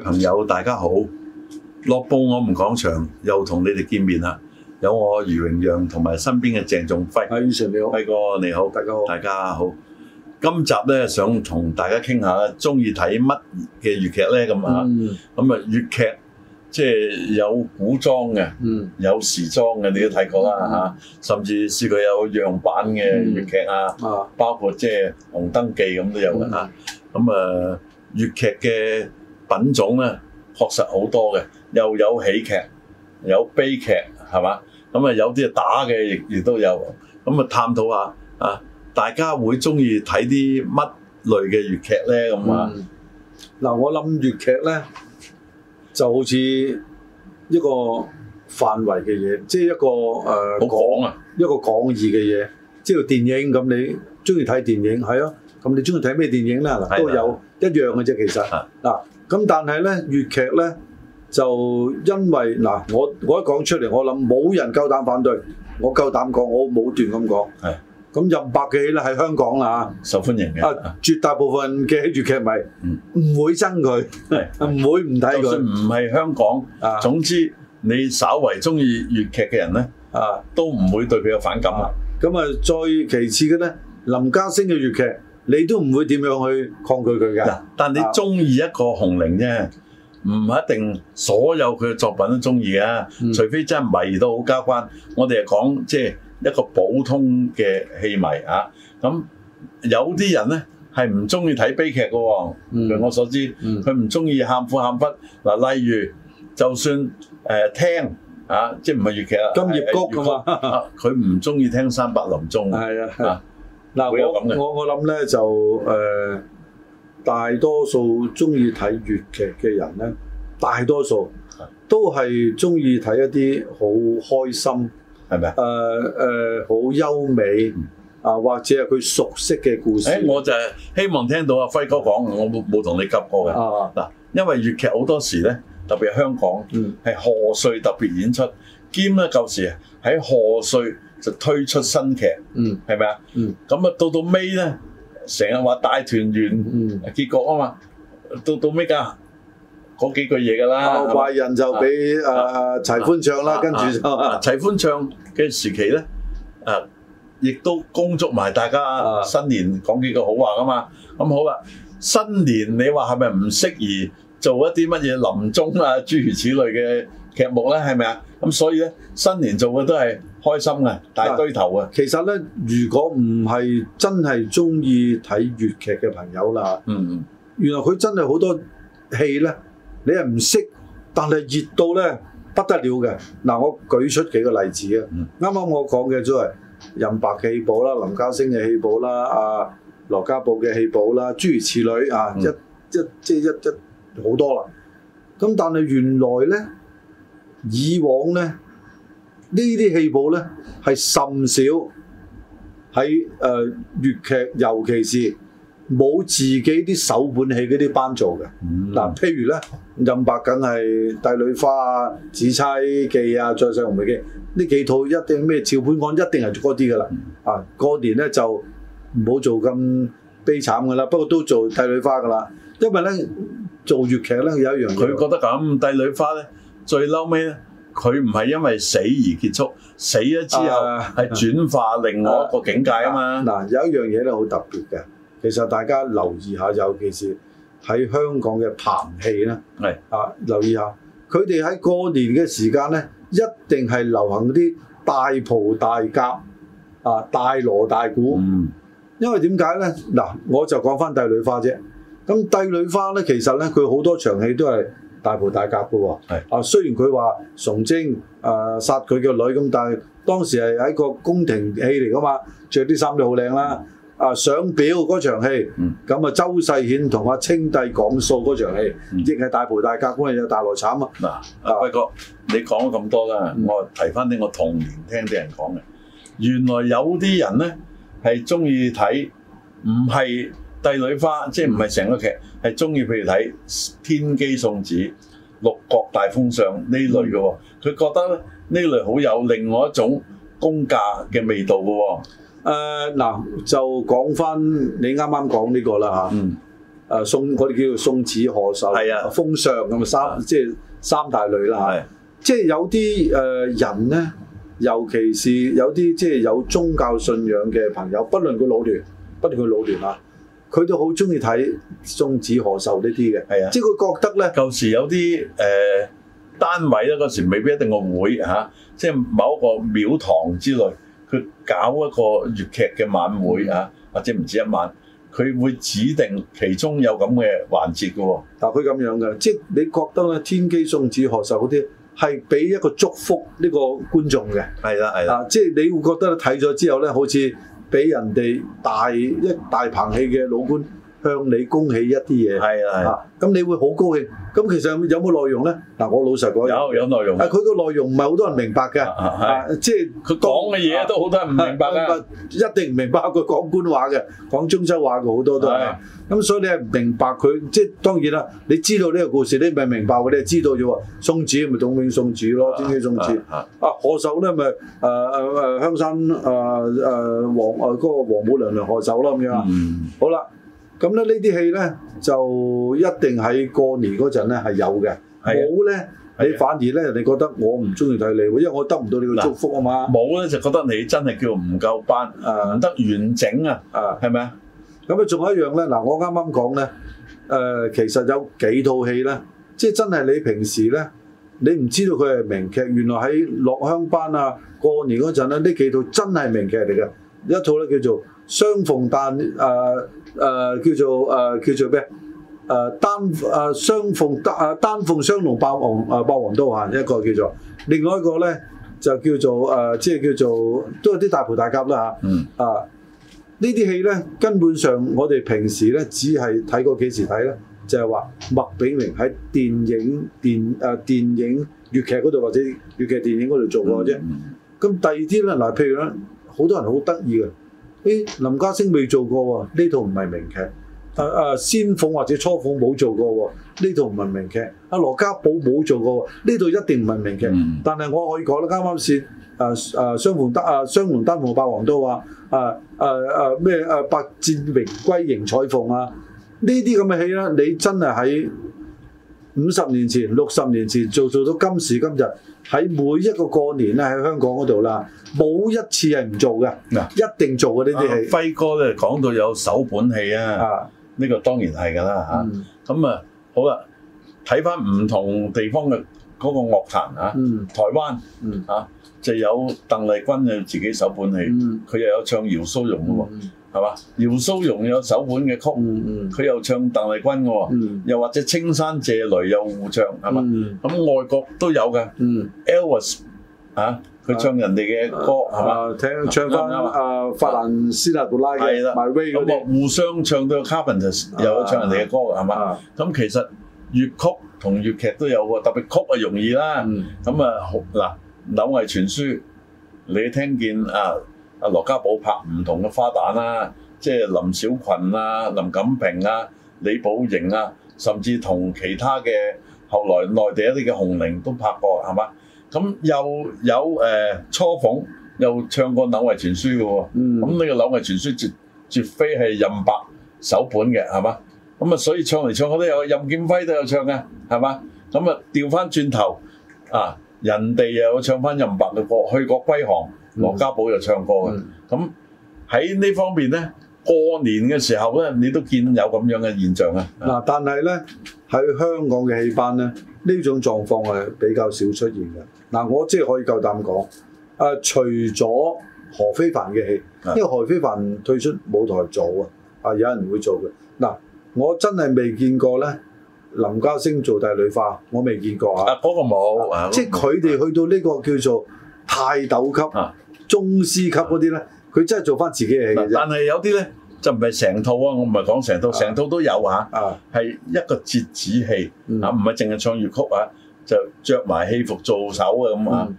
朋友，大家好！樂報我們講場又同你哋見面啦。有我余榮陽同埋身邊嘅鄭仲輝。阿、啊、哥你好，大家好，大家好。今集呢，想同大家傾下，中意睇乜嘅粵劇呢？咁、嗯、啊，咁啊，粵劇即係有古裝嘅、嗯，有時裝嘅，你都睇過啦嚇、嗯。甚至試過有樣板嘅粵劇啊，包括即係《紅燈記》咁都有嘅嚇。咁、嗯、啊，粵劇嘅。品種咧確實好多嘅，又有喜劇，又有悲劇，係嘛？咁啊，有啲啊打嘅亦亦都有，咁啊探討下啊，大家會中意睇啲乜類嘅粵劇咧？咁、嗯、啊，嗱、呃，我諗粵劇咧就好似一個範圍嘅嘢，即係一個好、呃、廣啊，一個廣義嘅嘢，即係電影咁。你中意睇電影係啊，咁你中意睇咩電影咧？啊、都有一樣嘅啫，其實嗱。啊咁但係咧粵劇咧就因為嗱我我一講出嚟我諗冇人夠膽反對，我夠膽講我武斷咁講。係咁任白嘅戲喺香港啦嚇，受歡迎嘅。啊，絕大部分嘅粵劇迷唔會憎佢，唔會唔睇佢。就算唔係香港，總之你稍為中意粵劇嘅人咧啊，都唔會對佢有反感啊。咁啊再其次嘅咧林家聲嘅粵劇。你都唔會點樣去抗拒佢㗎？嗱，但你中意一個紅伶啫，唔一定所有佢嘅作品都中意嘅。除非真係迷到好交關。我哋係講即係一個普通嘅戲迷啊。咁有啲人咧係唔中意睇悲劇嘅喎。據我所知，佢唔中意喊苦喊忽嗱。例如，就算誒聽啊，即係唔係粵劇啊？金葉谷㗎嘛，佢唔中意聽三八林鐘。係啊。嗱，我我我諗咧就誒、呃、大多數中意睇粵劇嘅人咧，大多數都係中意睇一啲好開心，係咪啊？誒、呃、好、呃、優美啊，嗯、或者係佢熟悉嘅故事、欸。誒，我就希望聽到阿輝哥講，我冇冇同你夾過嘅。嗱、啊，因為粵劇好多時咧，特別香港係賀、嗯、歲特別演出，兼咧舊時喺賀歲。就推出新劇，嗯，係咪啊？嗯，咁啊到到尾咧，成日話大團圓，嗯，結局啊嘛，到到尾㗎，嗰幾句嘢㗎啦，壞人就俾誒齊歡唱啦，跟住就齊歡唱，跟住嘅時期咧，誒，亦都恭祝埋大家新年講幾句好話㗎嘛。咁好啦，新年你話係咪唔適宜做一啲乜嘢臨終啊諸如此類嘅劇目咧？係咪啊？咁所以咧，新年做嘅都係。開心啊，大堆頭啊。其實咧，如果唔係真係中意睇粵劇嘅朋友啦，嗯嗯，原來佢真係好多戲咧，你係唔識，但係熱到咧不得了嘅。嗱，我舉出幾個例子啊。啱啱我講嘅都係任白嘅戲寶啦、林家星嘅戲寶啦、啊羅家寶嘅戲寶啦，諸如此類啊，一一即係一一好多啦。咁但係原來咧，以往咧。這呢啲戲寶咧係甚少喺誒、呃、粵劇，尤其是冇自己啲手本戲嗰啲班做嘅。嗱、嗯啊，譬如咧，任白梗係《帝女花》啊，紫啊《紫釵記》啊，《再世紅梅記》呢幾套一定咩照本案，一定係、嗯、做嗰啲噶啦。啊，過年咧就唔好做咁悲慘噶啦。不過都做《帝女花》噶啦，因為咧做粵劇咧有一樣，佢覺得咁《帝女花》呢咧最嬲尾咧。佢唔係因為死而結束，死咗之後係轉化另外一個境界啊嘛！嗱、啊啊啊啊，有一樣嘢咧好特別嘅，其實大家留意一下，尤其是喺香港嘅棚戲咧，係啊，留意一下佢哋喺過年嘅時間咧，一定係流行啲大蒲大甲、啊、大鑼大鼓、嗯，因為點解咧？嗱、啊，我就講翻帝女花啫。咁帝女花咧，其實咧佢好多場戲都係。大袍大甲嘅喎，啊雖然佢話崇禎誒、呃、殺佢嘅女咁，但係當時係喺個宮廷戲嚟噶嘛，着啲衫都好靚啦，啊上表嗰場戲，咁、嗯、啊周世顯同阿清帝講數嗰場戲，亦、嗯、係大袍大甲的大，咁啊有大羅慘啊，啊不哥，你講咗咁多啦、嗯，我提翻啲我童年聽啲人講嘅，原來有啲人咧係中意睇唔係。是帝女花即係唔係成個劇，係中意譬如睇《天機送子》《六國大封相》呢類嘅。佢覺得呢類好有另外一種功架嘅味道嘅。誒嗱，就講翻你啱啱講呢個啦嚇。嗯。誒，送我哋叫《送子賀壽》、《封相》咁啊，三即係三大類啦。係。即係有啲誒人咧，尤其是有啲即係有宗教信仰嘅朋友，不論佢老段，不論佢老段啊。佢都好中意睇送子賀壽呢啲嘅，係啊，即係佢覺得咧，舊時有啲誒、呃、單位咧，嗰時未必一定個會、啊、即係某一個廟堂之類，佢搞一個粵劇嘅晚會啊，或者唔止一晚，佢會指定其中有咁嘅環節喎、啊。但佢咁樣嘅，即係你覺得咧，天機送子賀壽嗰啲係俾一個祝福呢個觀眾嘅，係啦係啦，即係你會覺得睇咗之後咧，好似～俾人哋大一大棚戲嘅老倌。向你恭喜一啲嘢，啊，咁你會好高興。咁其實有冇內容咧？嗱，我老實講，有有內容。啊，佢個內容唔係好多人明白嘅，即係佢講嘅嘢都好多人唔明白㗎、啊啊。一定唔明白佢講官話嘅，講中州話嘅好多都係。咁、啊啊啊、所以你係唔明白佢，即係當然啦。你知道呢個故事，你咪明白你係知道啫喎。宋子咪董永宋子咯，千里送子啊！賀壽咧咪誒誒香山誒誒王誒嗰個王母娘娘賀壽啦咁樣。好啦。咁咧呢啲戲咧就一定喺過年嗰陣咧係有嘅，冇咧你反而咧你覺得我唔中意睇你，因為我得唔到你嘅祝福啊嘛。冇咧就覺得你真係叫唔夠班，難得完整啊，啊係咪啊？咁啊仲有一樣咧，嗱我啱啱講咧，誒其實有幾套戲咧，即係真係你平時咧你唔知道佢係名劇，原來喺落鄉班啊過年嗰陣咧呢幾套真係名劇嚟嘅，一套咧叫做，雙鳳旦，誒、呃、誒、呃、叫做誒、呃、叫做咩？誒、呃、單誒、呃、雙鳳旦，誒、呃、單鳳雙龍霸王誒霸王刀啊！一個叫做，另外一個咧就叫做誒、呃，即係叫做都有啲大袍大甲啦嚇、啊就是嗯。嗯。啊，呢啲戲咧根本上我哋平時咧只係睇過幾時睇咧？就係話麥炳榮喺電影、電誒電影粵劇嗰度或者粵劇電影嗰度做過啫。咁第二啲咧，嗱譬如咧，好多人好得意嘅。林家聲未做過喎，呢套唔係名劇。誒、啊、誒、啊，仙鳳或者雛鳳冇做過喎，呢套唔係名劇。阿、啊、羅家寶冇做過喎，呢套一定唔係名劇。嗯、但係我可以講啦，啱啱先誒誒雙門丹鳳單誒雙龍丹鳳霸王都話誒誒誒咩誒百戰榮歸迎彩鳳啊，呢啲咁嘅戲啦，你真係喺五十年前、六十年前做做到今時今日，喺每一個過年咧，喺香港嗰度啦，冇一次係唔做嘅，嗱、啊、一定做嘅呢啲戲。輝哥咧，講到有手本戲啊，呢、啊呢個當然係㗎啦嚇。咁、嗯、啊好啦，睇翻唔同地方嘅嗰個樂壇嚇、啊嗯，台灣啊、嗯、就有鄧麗君嘅自己手本戲，佢、嗯、又有唱姚蘇蓉嘅喎、啊。嗯嗯係嘛？姚蘇蓉有首本嘅曲，佢、嗯、又唱鄧麗君嘅喎、嗯，又或者青山謝雷又互唱係嘛？咁、嗯、外國都有嘅、嗯，Elvis 佢、啊、唱人哋嘅歌係嘛、啊啊？聽唱翻啊，啊法蘭斯的、納杜拉嘅，咁啊互相唱到 Carpenters 又、啊、有唱人哋嘅歌係嘛？咁、啊啊啊、其實粵曲同粵劇都有喎，特別曲啊容易啦。咁、嗯、啊嗱，啊《柳、嗯、毅、啊、傳書》，你聽見、嗯、啊？阿羅家寶拍唔同嘅花旦啦，即係林小群啊、林錦平啊、李寶瑩啊，甚至同其他嘅後來內地一啲嘅紅伶都拍過，係嘛？咁又有誒、呃、初鳳又唱過《柳毅傳書》嘅喎，咁、嗯、呢、呢個《柳毅傳書》絕絕非係任白首本嘅，係嘛？咁啊，所以唱嚟唱去都有任劍輝都有唱嘅，係嘛？咁啊，調翻轉頭啊，人哋又有唱翻任白嘅歌《去國歸航》。羅家寶又唱歌嘅，咁喺呢方面咧，過年嘅時候咧，你都見有咁樣嘅現象嘅。嗱，但係咧喺香港嘅戲班咧，呢種狀況係比較少出現嘅。嗱，我即係可以夠膽講，誒、啊，除咗何非凡嘅戲，因為何非凡退出舞台早啊，啊，有人會做嘅。嗱、啊，我真係未見過咧，林家聲做帝女花，我未見過啊。嗰、啊那個冇，啊啊，即係佢哋去到呢個叫做泰斗級，啊中師級嗰啲咧，佢、嗯、真係做翻自己嘅戲。但係有啲咧就唔係成套，不是說套啊，我唔係講成套，成套都有啊，係、啊、一個折子戲、嗯、啊，唔係淨係唱粵曲啊，就着埋戲服做手啊咁啊、嗯。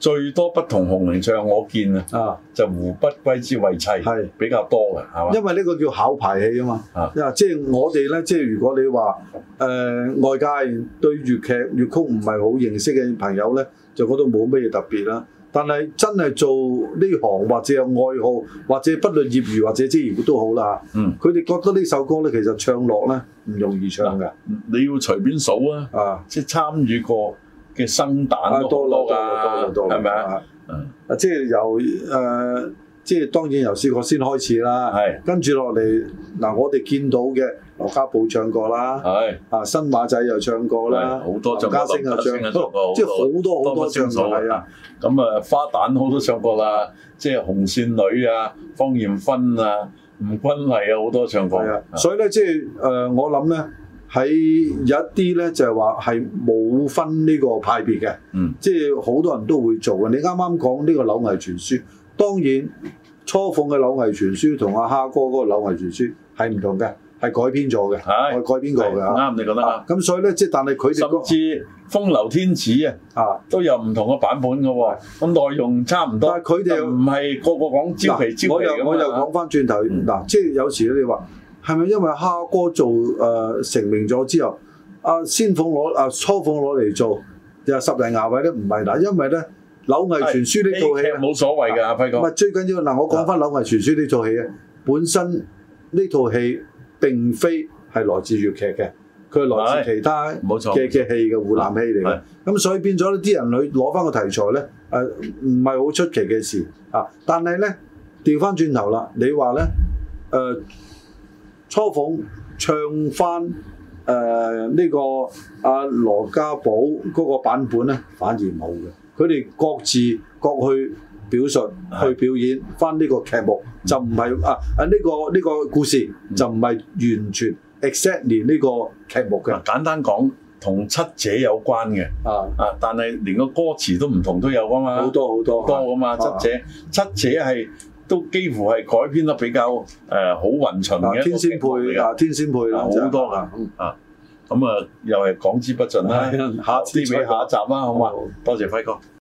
最多不同紅伶唱，我見啊，就《胡不歸之慰妻》係比較多嘅，係嘛？因為呢個叫考牌戲啊嘛。嗱、啊，即、就、係、是、我哋咧，即、就、係、是、如果你話誒、呃、外界對粵劇粵曲唔係好認識嘅朋友咧，就覺得冇咩特別啦。但係真係做呢行或者有愛好，或者不論業餘或者職業都好啦，嗯，佢哋覺得呢首歌咧，其實唱落咧唔容易唱㗎、嗯。你要隨便數啊，即係參與過嘅生蛋多啊，多，多，多啊，多啊，多、呃、啊，係咪啊？啊即係由誒。即係當然由小學先開始啦，跟住落嚟嗱，我哋見到嘅羅家寶唱過啦，啊新馬仔又唱過啦，好多林家聲啊，林家聲好多好多，多，多，多唱過。啊、嗯，咁、嗯、啊、嗯、花旦好多唱過啦、嗯，即係紅線女啊、芳艷芬啊、吳君麗啊好多唱過。啊、嗯，所以咧即係我諗咧喺有一啲咧就係話係冇分呢個派別嘅，嗯，即係好多人都會做嘅。你啱啱講呢個柳毅傳説。當然，初鳳嘅柳毅傳書同阿蝦哥嗰個柳毅傳書係唔同嘅，係改編咗嘅，改編個嘅啱，你講得啱。咁所以咧，即係但係佢哋甚至風流天子啊，都有唔同嘅版本嘅喎，咁、啊、內容差唔多，但係佢哋唔係個個講焦皮焦皮、啊、我又我又講翻轉頭，嗱、啊啊，即係有時你話係咪因為蝦哥做誒、呃、成名咗之後，阿、啊、先鳳攞阿、啊、初鳳攞嚟做又十零廿位咧？唔係，嗱，因為咧。柳毅傳書呢套戲冇所謂㗎，阿輝哥。唔、啊、係、啊啊、最緊要嗱、啊，我講翻柳毅傳書呢套戲啊，本身呢套戲並非係來自粵劇嘅，佢、啊、係來自其他冇錯嘅、啊、嘅戲嘅湖南戲嚟嘅。咁、啊啊啊、所以變咗呢啲人去攞翻個題材咧，誒唔係好出奇嘅事啊。但係咧調翻轉頭啦，你話咧誒初逢唱翻誒呢個阿、啊、羅家寶嗰個版本咧，反而冇嘅。佢哋各自各去表述，去表演翻呢個劇目就唔係，就唔係啊啊呢、呢個呢、呢個、故事就唔係完全 exactly 呢個劇目嘅。簡單講，同七者有關嘅啊啊，但係連個歌詞都唔同都有㗎嘛，好多好多多㗎嘛。七者、啊、七者係都幾乎係改編得比較誒、呃、好雲循嘅天仙配啊，天仙配好多㗎，啊。咁、嗯、啊，又係講之不盡啦。 下啲俾下一集啦，好嗎？好好多謝輝哥。